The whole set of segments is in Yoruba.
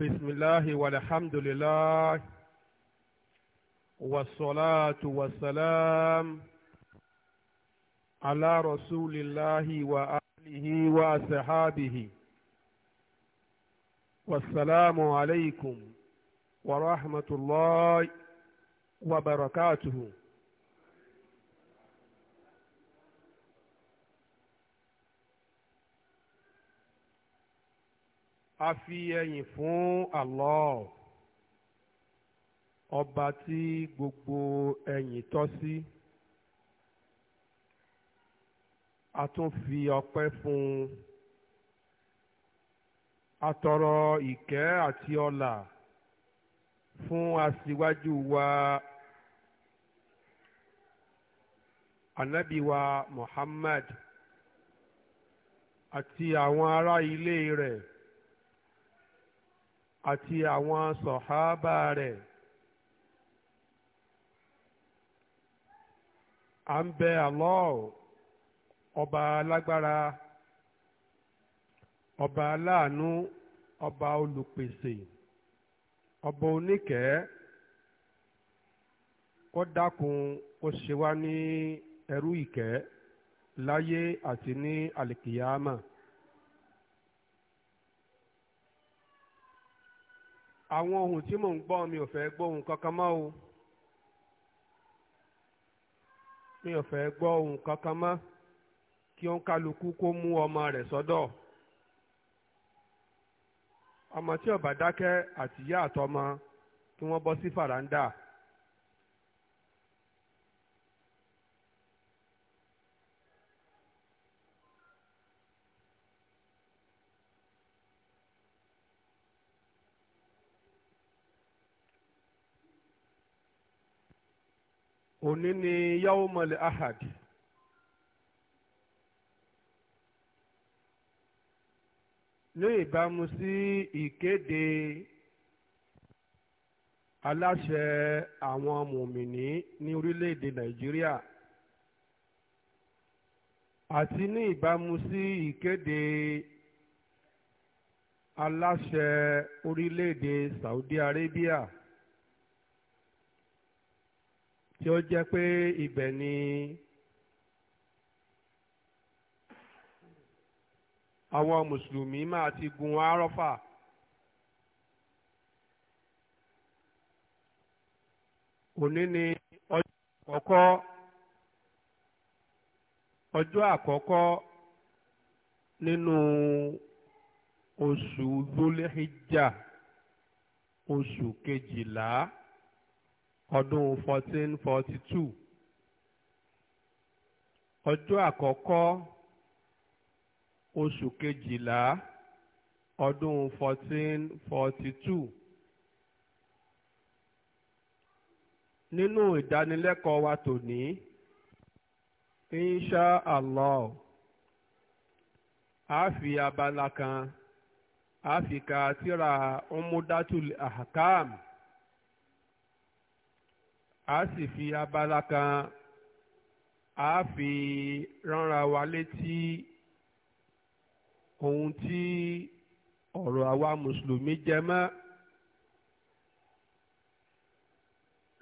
بسم الله والحمد لله والصلاة والسلام على رسول الله وآله وأصحابه والسلام عليكم ورحمة الله وبركاته a fi ẹyìn fún Allah ọba tí gbogbo ẹyìn tọ́ sí a tún fi ọpẹ́ fún un ìkẹ́ àti ọlà fún aṣíwájú wa ànábì Muhammad àti àwọn ará ilé rẹ̀. àti àwọn sọ̀hábà rẹ̀ à ń bẹ Allah ọba alágbára ọba aláàánú ọba olùpèsè ọba oníkẹ́ kó dákun kó ṣe wá ní ẹrú ìkẹ́ láyé àti ní àlìkìyámà. àwọn ohun tí mò ń gbọ́ mi ò fẹ́ gbọ́ ohun kankan mọ́ o mi ò fẹ́ gbọ́ ohun kankan mọ́ kí ó ń kálukú kó mú ọmọ rẹ̀ sọ́dọ̀ ọmọ tí ó bá dákẹ́ àtìyá àtọmọ kí wọ́n bọ́ sí fàràǹdà. Si òní ni yawmal ahad ní ìbámu sí ìkéde aláṣẹ àwọn mùmìnì ní orílẹ̀-èdè nàìjíríà àti ní ìbámu sí ìkéde aláṣẹ orílẹ̀-èdè Saudi Arabia. tí ó jẹ́ pé ibẹ̀ ni àwọn mùsùlùmí máa ti gun arọ́fà òní ni ọjọ́ àkọ́kọ́ nínú oṣù Dhul Hijjah oṣù kejìlá. ọdún 1442. forty two ọjọ́ àkọ́kọ́ oṣù kejìlá ọdún fourteen forty nínú ìdánilẹ́kọ̀ọ́ wa tòní insha allah a fi abala kan a fi ka tírà umudatul ahkam a sì fi abala kan a fi ránra wa létí ohun tí ọ̀rọ̀ àwa mùsùlùmí jẹ mọ́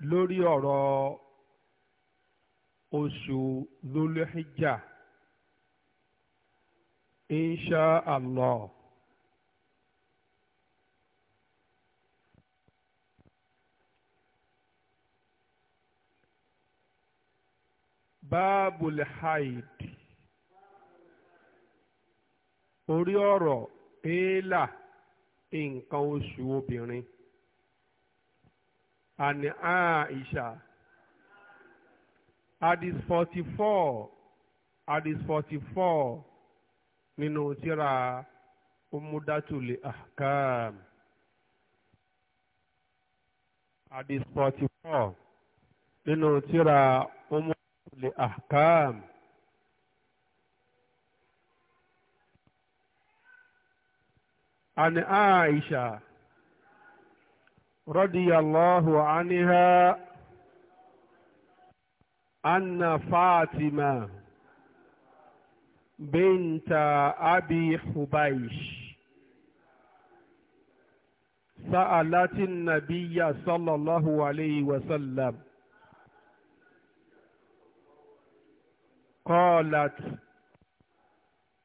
lórí ọ̀rọ̀ oṣù lólẹ́hìjà insha Allah. Báàbùl Haid orí ọ̀rọ̀ éèlà nǹkan oṣù obìnrin àní Aisha hadith forty four hadith forty four nínú tírà Umudatul Ahkam hadith forty four nínú tírà لأحكام عن عائشة رضي الله عنها أن فاطمة بنت أبي حبيش سألت النبي صلى الله عليه وسلم قالت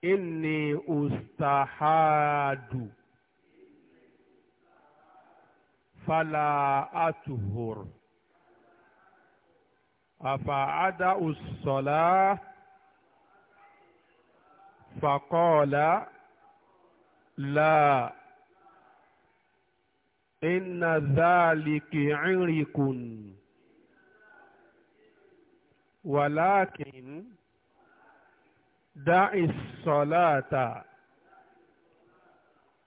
إني أستحاد فلا أطهر أفعدأ الصلاة فقال لا إن ذلك عرق ولكن dáì sọ̀láàtà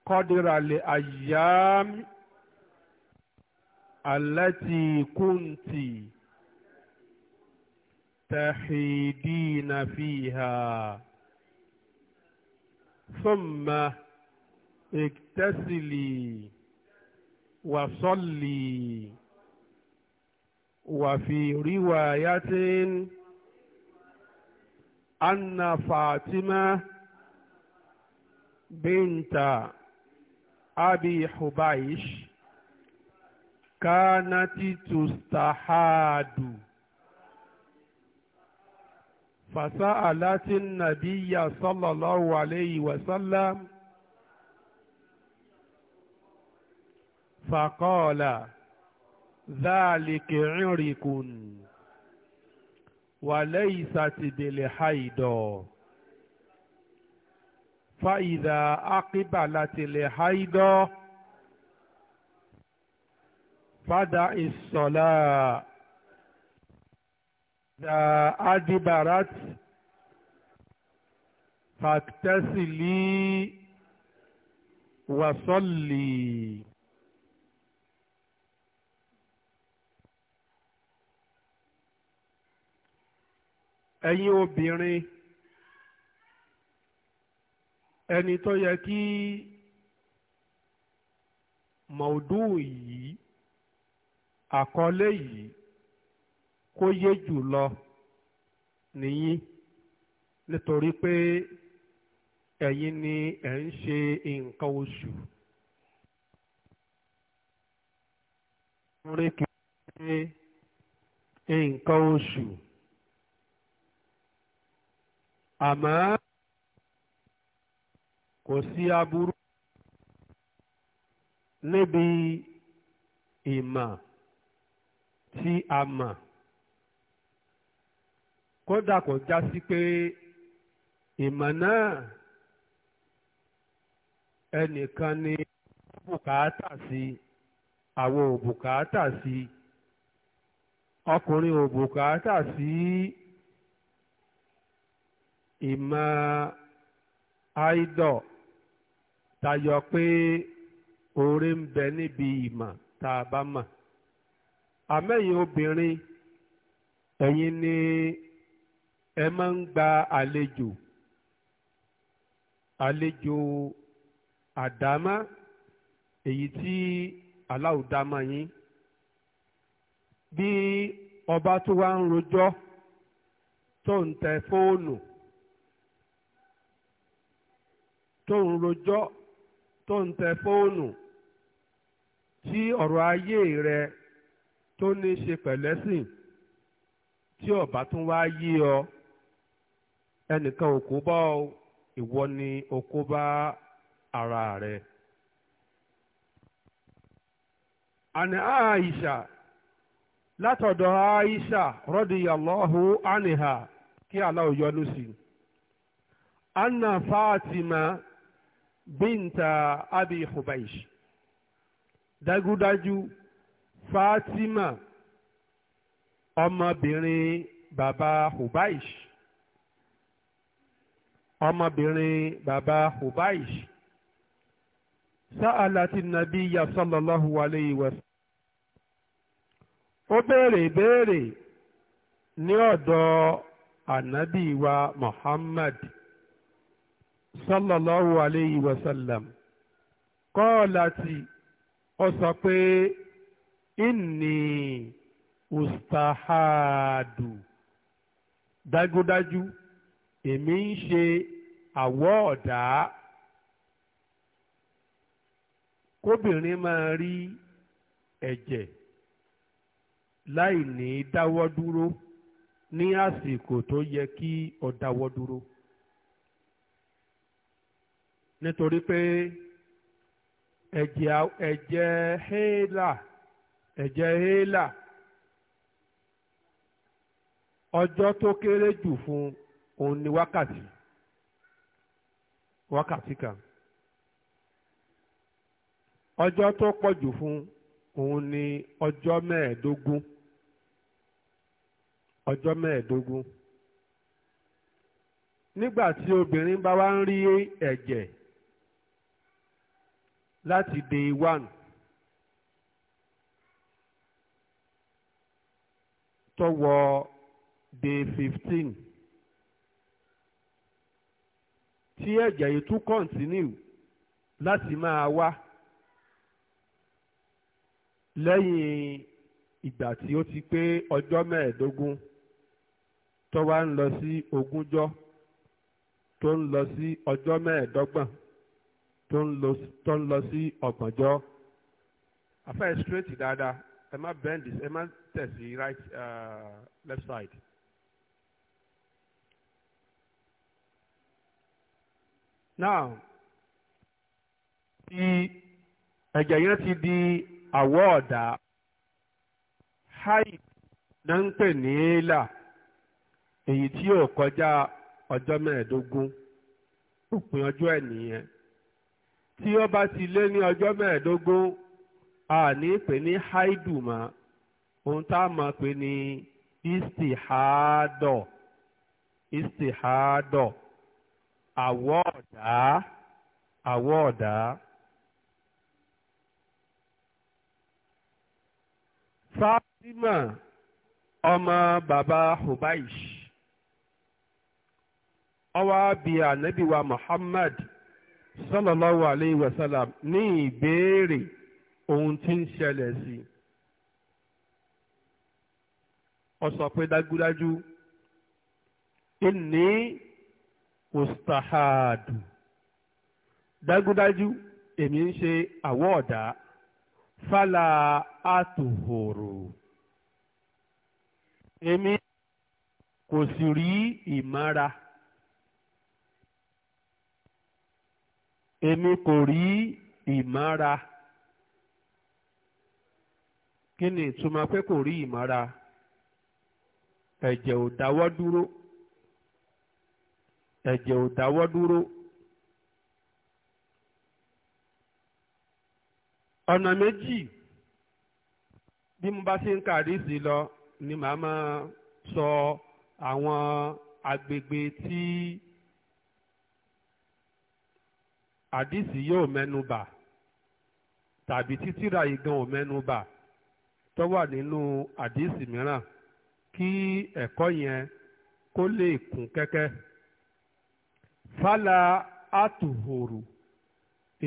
kọ́díralẹ̀ àyàm àlẹ́tì kùntì tẹ̀hìdínà fìhà sọ́mà ìtẹ́sìlì wàsọ́lì wàfìríwáyátìn. Wa أن فاطمة بنت أبي حبيش كانت تستحاد فسألت النبي صلى الله عليه وسلم فقال ذلك عرق وليست بالحيض فإذا أقبلت الحيض فدع الصلاة إذا أدبرت فاغتسلي وصلي ẹ̀yin obìnrin ẹni tó yẹ kí mọ̀ọ́dù yìí àkọlé yìí kó yé jù lọ nìyí nítorí pé ẹ̀yin ni ẹ̀ ń ṣe nǹkan oṣù. nǹkan oṣù. àmọ́ kò sí aburú níbi ìmọ̀ tí a mọ̀ kódà kò já sí pé ìmọ̀ náà ẹnìkan ni bùkátà sí àwọn òbùkátà sí ọkùnrin òbùkátà sí. Si, ìmọ̀ àìdọ̀ tayọ pé oore ń bẹ níbi ìmọ̀ tá a bá mọ̀ àmẹ́yìn obìnrin ẹ̀yin ni ẹ máa ń gba àlejò àlejò àdámá èyí tí aláùdámá yín bí ọba tó wá ń rojọ́ tó ń tẹ fóònù. tó ń rojọ́ tó ń tẹ fóònù tí ọ̀rọ̀ ayé rẹ tó ní ṣe pẹ̀lẹ́sìn tí ọ̀bá tún wá yí ọ ẹnìkan ò kó bá ọ ìwọ ni o kó bá ara rẹ. àní Aisha látọ̀dọ̀ Aisha radiyallahu anha kí Allah yọ́nú sí. anna Fatima. bínta abi hubaish dájúdájú fatima ọmọbìnrin bàbá hubaish ọmọbìnrin bàbá hubaish sáàlátì nàbíyà sallallahu alayhi wa sallam ó béèrè ìbéèrè ní ọ̀dọ̀ ànábì wa muhammad sallallahu alayhi wa sallam kọ́ọ̀láti ó sọ pé inni ustahadu dájúdájú èmi ń ṣe àwọ̀ ọ̀dà kóbìnrin máa rí ẹ̀jẹ̀ láì ní dáwọ́ dúró ní àsìkò tó yẹ kí ó dáwọ́ dúró. nítorí pé ẹ̀jẹ̀ ẹ̀jẹ̀ ẹ̀jẹ̀ ọjọ́ tó kéré jù fún òun ni wákàtí wákàtí kan ọjọ́ tó pọ̀ jù fún òun ni ọjọ́ mẹ́ẹ̀ẹ́dógún ọjọ́ mẹ́ẹ̀ẹ́dógún nígbà tí obìnrin bá wá ń rí ẹ̀jẹ̀ láti day one tó day fifteen tí ẹ̀jẹ̀ yìí tún continue láti máa wá lẹ́yìn ìgbà tí ó ti pé ọjọ́ mẹ́ẹ̀ẹ́dógún tó wá ń lọ sí ogúnjọ́ tó ń lọ sí ọjọ́ mẹ́ẹ̀ẹ́dọ́gbọ̀n tó ń lọ sí ọ̀gbọ̀njọ́ afẹ́ straight dáadáa ẹ má bend ẹ má tẹ̀ sí right uh, left side. now ti ẹ̀jẹ̀ yẹn ti di àwọ̀ ọ̀dà haid na ń pè ní eyi èyí tí yóò kọjá ọjọ́ mẹ́ẹ̀ẹ́dógún òpin ọjọ́ ẹ̀ tí ó bá ti lé ní ọjọ́ mẹ́ẹ̀ẹ́dógún a ní pè ní haidu mọ́ ohun tá a máa pè ní istihadọ istihadọ àwọ̀ ọ̀dá àwọ̀ ọ̀dá. Fátímà ọmọ baba Hubaish ọwọ́ bíi ànábìwa Muhammad sallallahu alayhi wa sallam ní ìbéèrè ohun tí ń ṣẹlẹ̀ sí i ó sọ pé dájúdájú inni ustahadu dájúdájú èmi ń ṣe àwọ̀ọ̀dá fálà àtòhòrò èmi kò sì rí ìmára. èmi kò rí ìmára kí ni ìtumọ̀ pé kò rí ìmára ẹ̀jẹ̀ ò dáwọ́ dúró ẹ̀jẹ̀ ò dáwọ́ dúró ọ̀nà méjì bí mo bá ṣe ń kàrí sí lọ ni màá máa sọ àwọn agbègbè tí. So, àdìsí yóò mẹ́nubà tàbí títíra igan ò mẹ́nubà tó wà nínú àdìsí mìíràn kí ẹ̀kọ́ yẹn kó lè kún kẹ́kẹ́. fálà àtùhòrò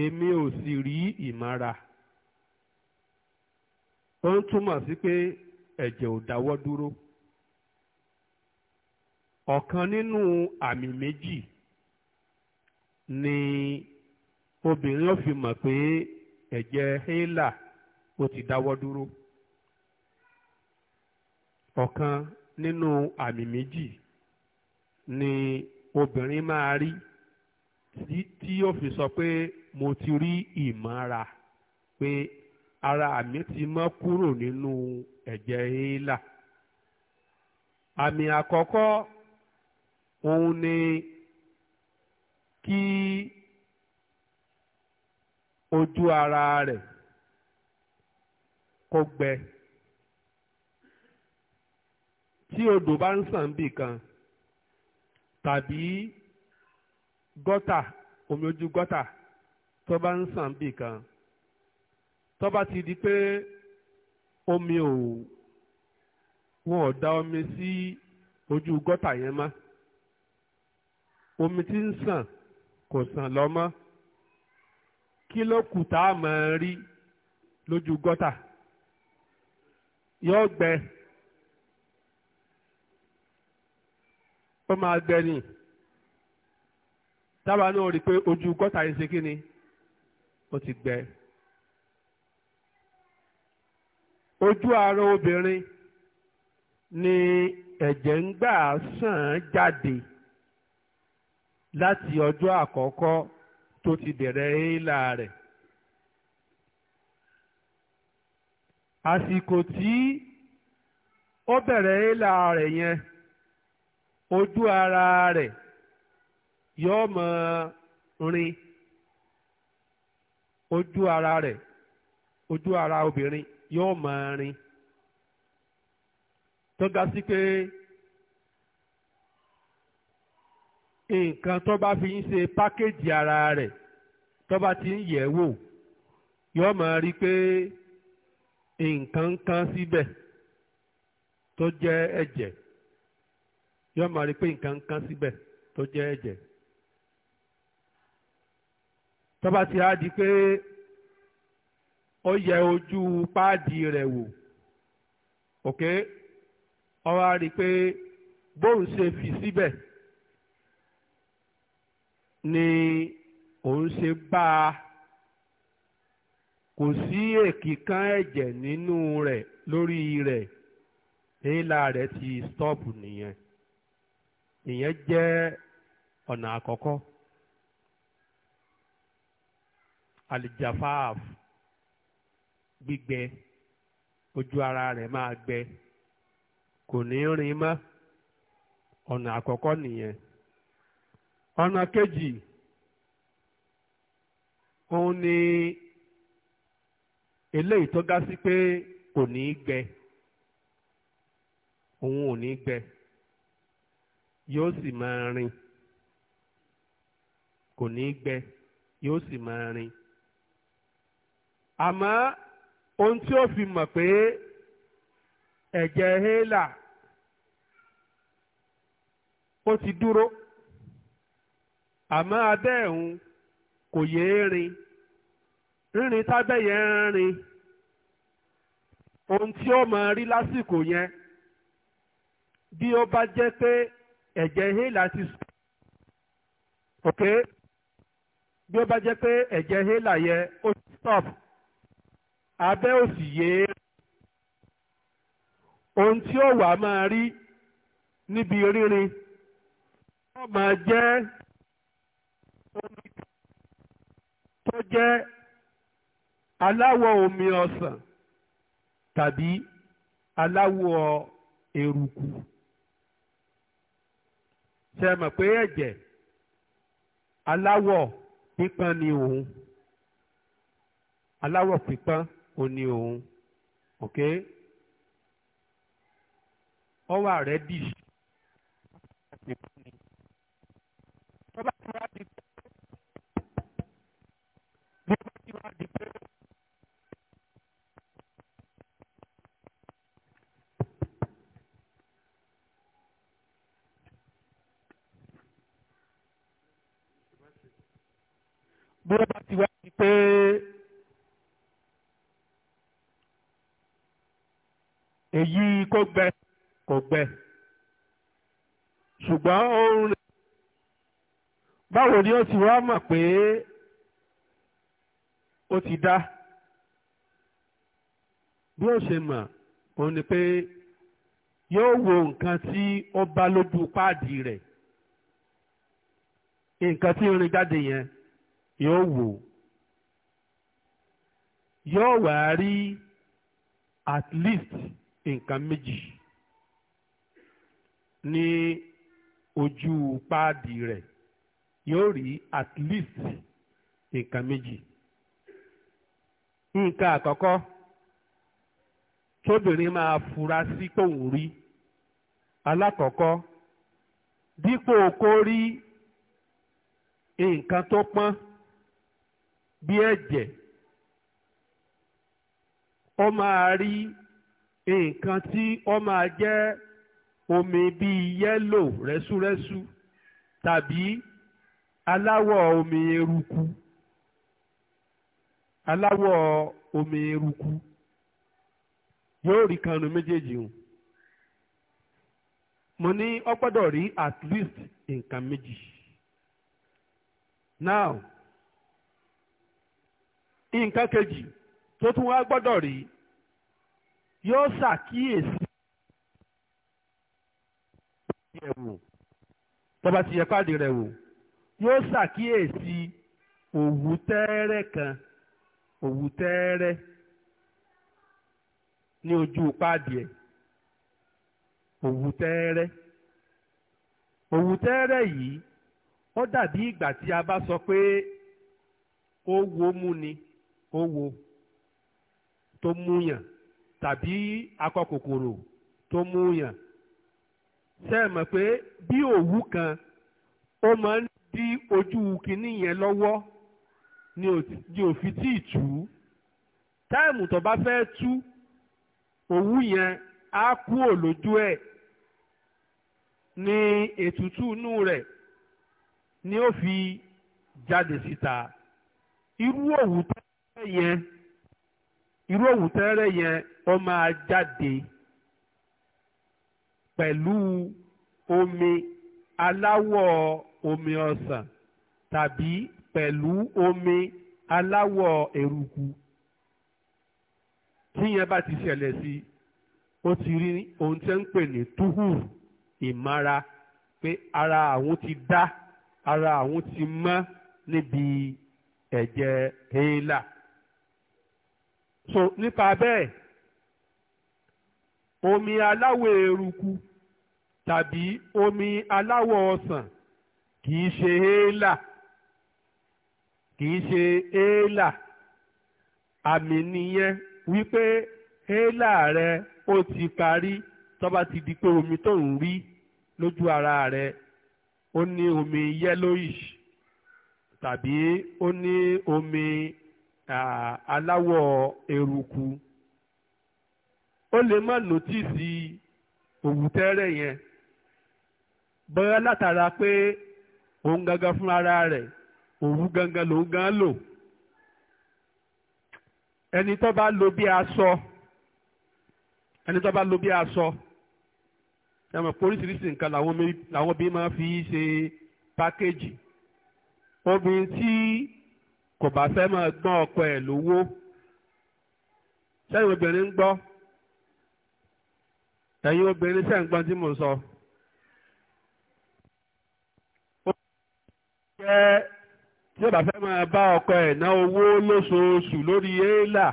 èmi ò sì rí ìmára ó ń túmọ̀ sí pé ẹ̀jẹ̀ ò dáwọ́ dúró ọ̀kan nínú àmì méjì ni obìnrin ó fi mọ̀ pé ẹ̀jẹ̀ hélà ó ti dáwọ́ dúró ọ̀kan nínú àmì méjì ni obìnrin máa rí tí ó fi sọ pé mo ti rí ìmọ̀ra pé ara mi ti mọ́ kúrò nínú ẹ̀jẹ̀ hélà àmì àkọ́kọ́ òun ni kí ojú ara rẹ̀ kó gbẹ tí odò bá ń sàn bì kan tàbí gọ́tà omi ojú gọ́tà tó bá ń sàn bì kan tó bá ti di pé omi ò wọn ò da omi sí ojú gọ́tà yẹn mọ́ omi tí ń sàn kò sàn lọ mọ. kí ló kù tá a máa rí lójú gọ́tà yóò gbẹ ó máa gbẹ ni tábà náà rí i pé ojú gọ́tà yìí ṣe kí ni ó ti gbẹ ojú ara obìnrin ni ẹ̀jẹ̀ ń gbà sàn jáde láti ọjọ́ àkọ́kọ́ tó ti bẹ̀rẹ̀ éèlà rẹ̀. àsìkò tí ó bẹ̀rẹ̀ éèlà rẹ̀ yẹn ojú ara rẹ̀ yóò mọ rin ojú ara rẹ̀ ojú ara obìnrin yóò mọ rin tó ga sí pé. nǹkan tó bá fi ń ṣe pákéjì ara rẹ̀ tó bá ti ń yẹ̀ wò yóò máa rí pé nǹkan kan síbẹ̀ tó jẹ́ ẹ̀jẹ̀ yóò máa rí pé nǹkan kan síbẹ̀ tó jẹ́ ẹ̀jẹ̀ tó bá ti á di pé ó yẹ ojú páàdì rẹ̀ wò òkè ó wá rí pé bóun ṣe fi síbẹ̀. Si ni òun ṣe bá a kò sí kan ẹ̀jẹ̀ nínú rẹ̀ lórí rẹ̀ èélá rẹ̀ ti stọ́ọ̀pù nìyẹn ìyẹn jẹ́ ọ̀nà àkọ́kọ́ alijafaaf gbígbẹ ojú ara rẹ̀ máa gbẹ kò ní rin mọ́ ọ̀nà àkọ́kọ́ nìyẹn. ọ̀nà kejì òun ni eléyìí tó si sí pé kò ní í gbẹ òun ò ní í gbẹ yóò sì máa rìn kò ní í gbẹ yóò sì máa àmọ́ ohun tí ó fi mọ̀ pé ẹ̀jẹ̀ hélà ó ti dúró. àmọ́ abẹ́ ẹ̀hún kò yéé rin rírin tábẹ́ yẹn ń rin ohun tí ó máa rí lásìkò yẹn bí ó bá jẹ́ pé ẹ̀jẹ̀ hélà ti sùn ok bí ó bá jẹ́ pé ẹ̀jẹ̀ hélà yẹn ó ti stop abẹ́ òsì yéé ohun tí ó wà máa rí níbi rírin ó máa jẹ́ tó jẹ́ aláwọ̀ omi ọsàn tàbí aláwọ̀ eruku ṣe mọ̀ pé ẹ̀jẹ̀ aláwọ̀ pípọ́n ni òun aláwọ̀ pípọ́n òun ni òun ok ó wà rẹ́díṣì di pé. bó bá ti wá di pé. èyí kò gbẹ kò gbẹ ṣùgbọ́n ó ń báwo ni ó ti wá mọ̀ pé ó ti dá bí ó ṣe mọ̀ òun ni pé yóò wo nǹkan tí ó bá lójú páàdì rẹ̀ nǹkan tí irin jáde yẹn yóò wò yóò wà á rí at least nǹkan méjì ní ojú páàdì rẹ̀ yóò rí at least nǹkan méjì. nka akọkọ tóbìnrin máa fura si tóun nwuri alákọ̀ọ́kọ́ dípò kó rí nǹkan tó pọ́n bí ẹ̀jẹ̀ ó máa rí nǹkan tí ó máa jẹ́ omi bíi yẹ́lò rẹ́súrẹ́sú tàbí aláwọ̀ omi eruku. aláwọ̀ omi eruku yóò rí kanu méjèèjì hùn mo ní ọ gbọ́dọ̀ rí at least nǹkan méjì now nǹkan kejì tó tún wá gbọ́dọ̀ rí yóò ṣàkíyèsí rẹ̀ wò tọ́ba ti yẹ káàdì rẹ̀ wò yóò ṣàkíyèsí òwú tẹ́ẹ́rẹ́ kan òwú tẹ́ẹ́rẹ́ ní ojú páàdì ẹ̀ òwú tẹ́ẹ́rẹ́ òwú tẹ́ẹ́rẹ́ yìí ó dàbí ìgbà tí a bá sọ pé ó wo mú ni ó wo tó múyàn tàbí akọ tó múyàn ṣe é pé bí òwú kan ó máa ń dí ojú kinní yẹn lọ́wọ́ ni òfin tí ì tú táìmù tó bá fẹ́ tú òwú yẹn á kúò lójú ẹ̀ ni ètùtù inú rẹ̀ ni ó fi jáde síta irú òwú tẹ́rẹ́ yẹn irú òwú tẹ́rẹ́ yẹn ó máa jáde pẹ̀lú omi aláwọ̀ omi ọsàn tàbí pẹ̀lú omi aláwọ̀ eruku tíyẹn bá ti ṣẹlẹ̀ sí ó ti rí ohun tí ń pè ní tuhur ìmára pé ara àwọn ti dá ara àwọn ti mọ́ níbi ẹ̀jẹ̀ héélà so nípa bẹ́ẹ̀ omi aláwọ̀ eruku tàbí omi aláwọ̀ ọsàn kì í ṣe héélà. kì í ṣe éèlà àmì nìyẹn wípé éèlà rẹ ó ti parí tó ti di pé omi tó ń rí lójú ara rẹ ó ní omi yellowish tàbí ó ní omi aláwọ̀ eruku ó lè má nòtìsì òwútẹ́rẹ̀ yẹn bóyá látara pé òun gangan fún ara rẹ̀ òun gangan lòun gan lò ẹni tó bá lo bí aṣọ ẹni tó bá lo bí aṣọ ẹ mọ̀ pé oríṣiríṣi nǹkan làwọn bí máa fi ṣe pákéjì obìnrin tí kò bá fẹ́ máa gbọ́n ọkọ ẹ̀ lówó sẹ́yìn obìnrin ń gbọ́ ẹ̀yin obìnrin sẹ́yìn gbọ́n tí mò sọ tí ó bá fẹ́ máa bá ọkọ ẹ̀ ná owó lóṣooṣù lórí éèlà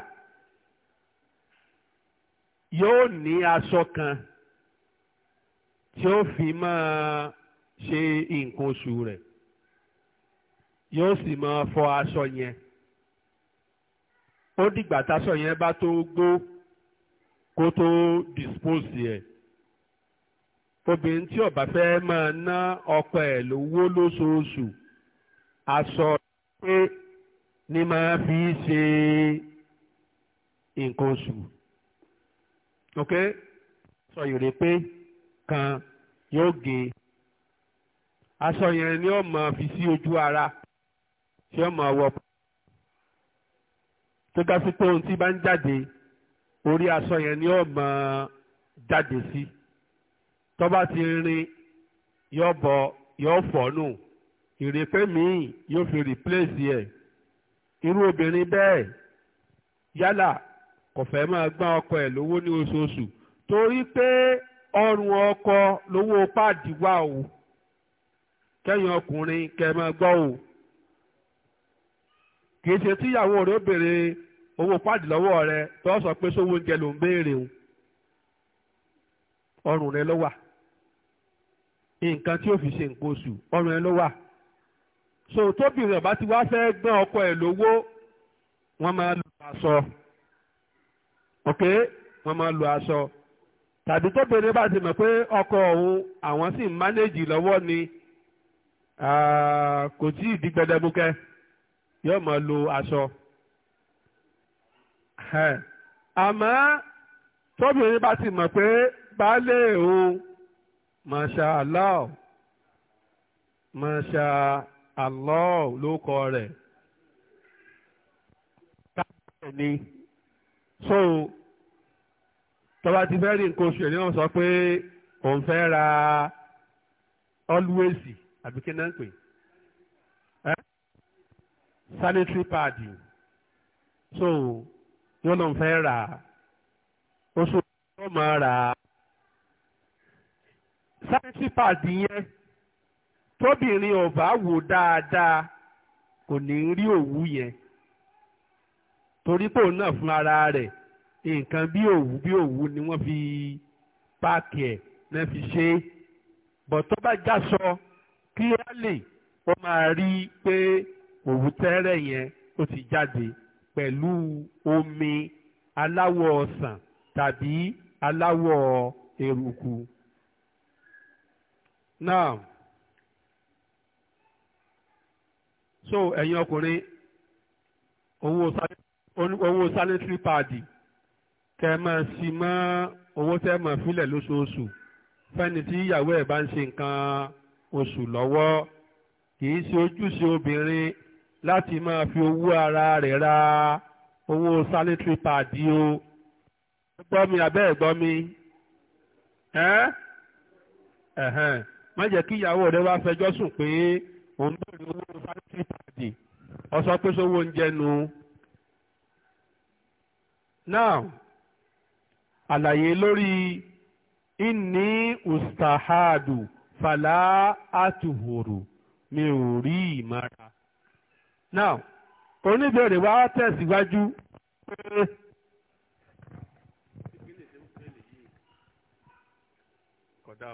yóò ní aṣọ kan tí ó fi máa ṣe nǹkan oṣù rẹ̀ yóò sì máa fọ aṣọ yẹn ó dìgbà táṣọ yẹn bá tó gbó kó tó dispose ẹ̀ obìnrin tí ó fẹ́ máa ná ọkọ ẹ̀ lówó lóṣooṣù aṣọ pé ní máa fi ṣe nǹkan oṣù ok sọ ìrè pé kan yóò gé aṣọ yẹn ni ó máa fi sí ojú ara tí ó máa wọ tó ga sí pé ohun tí bá ń jáde orí aṣọ yẹn ni ó máa jáde sí tó bá ti rin yóò bọ yóò fọ́ nù. No ìrèké míì yóò fi rìpléèsì ẹ̀ irú obìnrin bẹ́ẹ̀ yálà kò fẹ́ máa gbá ọkọ ẹ̀ lówó ní oṣooṣù torí pé ọrùn ọkọ lówó páàdì wà o kẹ́yìn ọkùnrin kẹ́ máa gbọ́ o kìí ṣe tíyàwó rẹ̀ ó béèrè owó páàdì lọ́wọ́ rẹ̀ tó sọ pé sówó oúnjẹ ló ń béèrè o ọrùn rẹ̀ ló wà nǹkan tí ó fi ṣe nǹkan oṣù ọrùn rẹ̀ ló wà so tóbìnrin ọba ti wá fẹ́ gbọ́n ọkọ ẹ̀ lówó wọ́n máa lo aṣọ ok wọ́n máa lo aṣọ tàbí tóbìnrin bá ti mọ̀ pé ọkọ òun àwọn sì ń mánéjì lọ́wọ́ ni kò tí ì di gbẹdẹmukẹ yóò máa lo aṣọ àmọ́ tóbìnrin bá ti mọ̀ pé baálé òun masha Allah masha Allah ló kọ rẹ̀ táwọn ni so tọ́ba ti fẹ́ rí nǹkan oṣù ẹ̀ ní wọ́n sọ pé òun fẹ́ ra always àbí kí náà ń pè ẹ́ sanitary pad so wọ́n lòun fẹ́ rà oṣù tó máa rà sanitary pad yẹn tóbìnrin ò bá wò dáadáa kò ní rí òwú yẹn torí pò náà fún ara rẹ̀ nǹkan bí òwú bí òwú ni wọ́n fi páàkì ẹ̀ náà fi ṣe é bọ̀ tó bá jásọ clearly ó máa rí i pé òwú tẹ́rẹ̀ yẹn ó ti jáde pẹ̀lú omi aláwọ̀ ọsàn tàbí aláwọ̀ eruku. Now, so ẹ̀yin ọkùnrin owó sanitary pad kẹ́ ẹ máa sí mọ́ owó tẹ́ ẹ máa filẹ̀ lóṣooṣù fẹ́ni tí ìyàwó ẹ̀ bá ń ṣe nǹkan oṣù lọ́wọ́ kì í ṣe ojúṣe obìnrin láti máa fi owó ara rẹ̀ ra owó sanitary pad o gbọ́ mi abẹ́ ẹ̀ gbọ́ mi ẹ̀hẹ́n má jẹ́ kí ìyàwó rẹ wá fẹjọ́ sùn pé òun bèrè owó ọ̀sọ́ pé sówó oúnjẹ nu. now àlàyé lórí inni ustahadu fàlà àtùhòrò mi ò rí ìmọ̀ra. now oníbèrè wa tẹ̀síwájú pé. kódà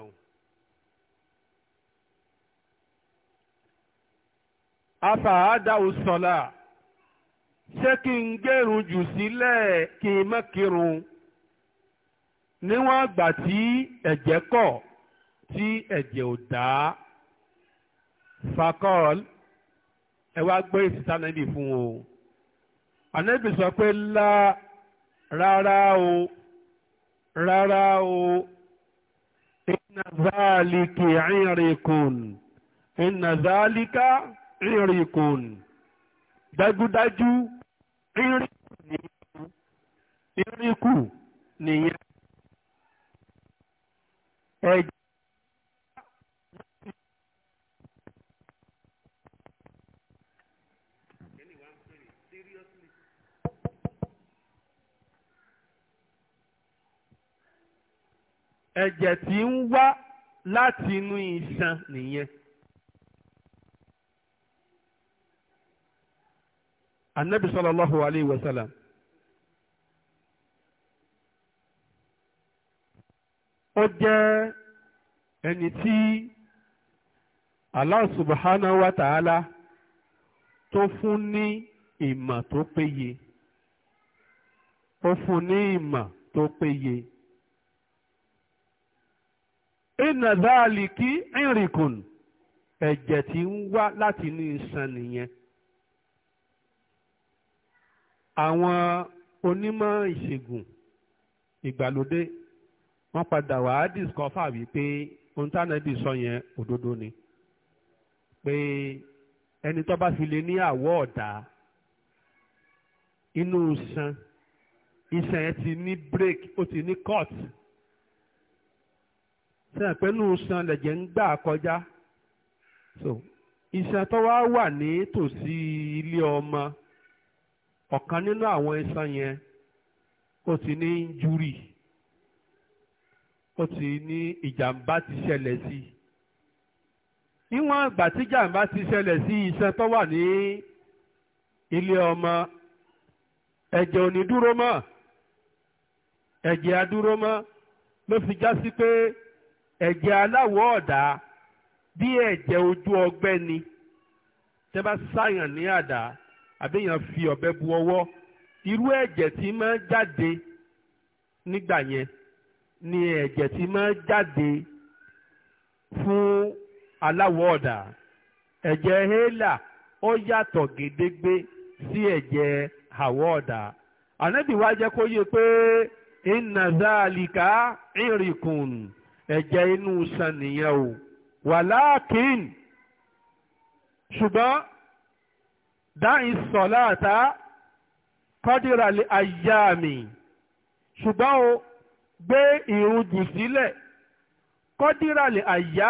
afàádà òsọ̀là ṣé kí n gẹ̀rùn jù sílẹ̀ kí n má kírun níwọ̀n àgbà tí ẹ̀jẹ̀ kọ̀ tí ẹ̀jẹ̀ ò dá fakọ́l ẹ wá gbé ìsìta nẹ́bì fún o ànẹ́bì sọ pé lá rárá o rárá o ìnàzálìkì àìrìnkùn ìnàzálìkà rírìn kùn dájúdájú rírìn nìyẹn rírìn kù nìyẹn ẹ̀jẹ̀. ẹ̀jẹ̀ tí ń wá láti inú iṣan nìyẹn. anabi sallallahu alayhi wa sallam ó jẹ́ ẹni tí Allah subhanahu wa ta'ala tó fún ní ìmọ̀ tó péye ó fún ní ìmọ̀ tó péye ìnàdálìkí ìrìnkùn ẹ̀jẹ̀ tí ń wá láti ní iṣan nìyẹn àwọn onímọ̀ ìṣègùn ìgbàlódé wọ́n padà wá discover wípé ohun tánàbì sọ yẹn òdodo ni pé ẹni tó bá fi lè ní àwọ̀ ọ̀dà inú san iṣan yẹn ti ní break ó ti ní cut sẹ́yìn pé inú san lẹ̀jẹ̀ ń gbà kọjá so iṣan tó wá wà ní tòsí ilé ọmọ. ọ̀kan nínú àwọn iṣan yẹn ó ti ní júrì ó ti ní ìjàmbá ti ṣẹlẹ̀ sí i níwọ̀n ìgbà tí ìjàmbá ti ṣẹlẹ̀ sí iṣan tó wà ní ilé ọmọ ẹ̀jẹ̀ ò ní dúró mọ́ ẹ̀jẹ̀ adúró mọ́ ló fi já sí pé ẹ̀jẹ̀ aláwọ̀ ọ̀dà bí ẹ̀jẹ̀ ojú ọgbẹ́ ni tẹ́ bá ṣàyàn ní àdá àbẹ́yàn fi ọ̀bẹ bu ọwọ́ irú ẹ̀jẹ̀ tí máa jáde nígbà yẹn ni ẹ̀jẹ̀ tí máa jáde fún aláwọ̀ ọ̀dà ẹ̀jẹ̀ hélà ó yàtọ̀ gédégbé sí ẹ̀jẹ̀ àwọ̀ ọ̀dà ànábì jẹ́ kó yé pé iná ìrìnkùn ẹ̀jẹ̀ inú sàn dáhìn sọ̀láàtà kọ́dìrà lè ayá mi ṣùgbọ́n o gbé ìrun sílẹ̀ kọ́dìrà lè ayá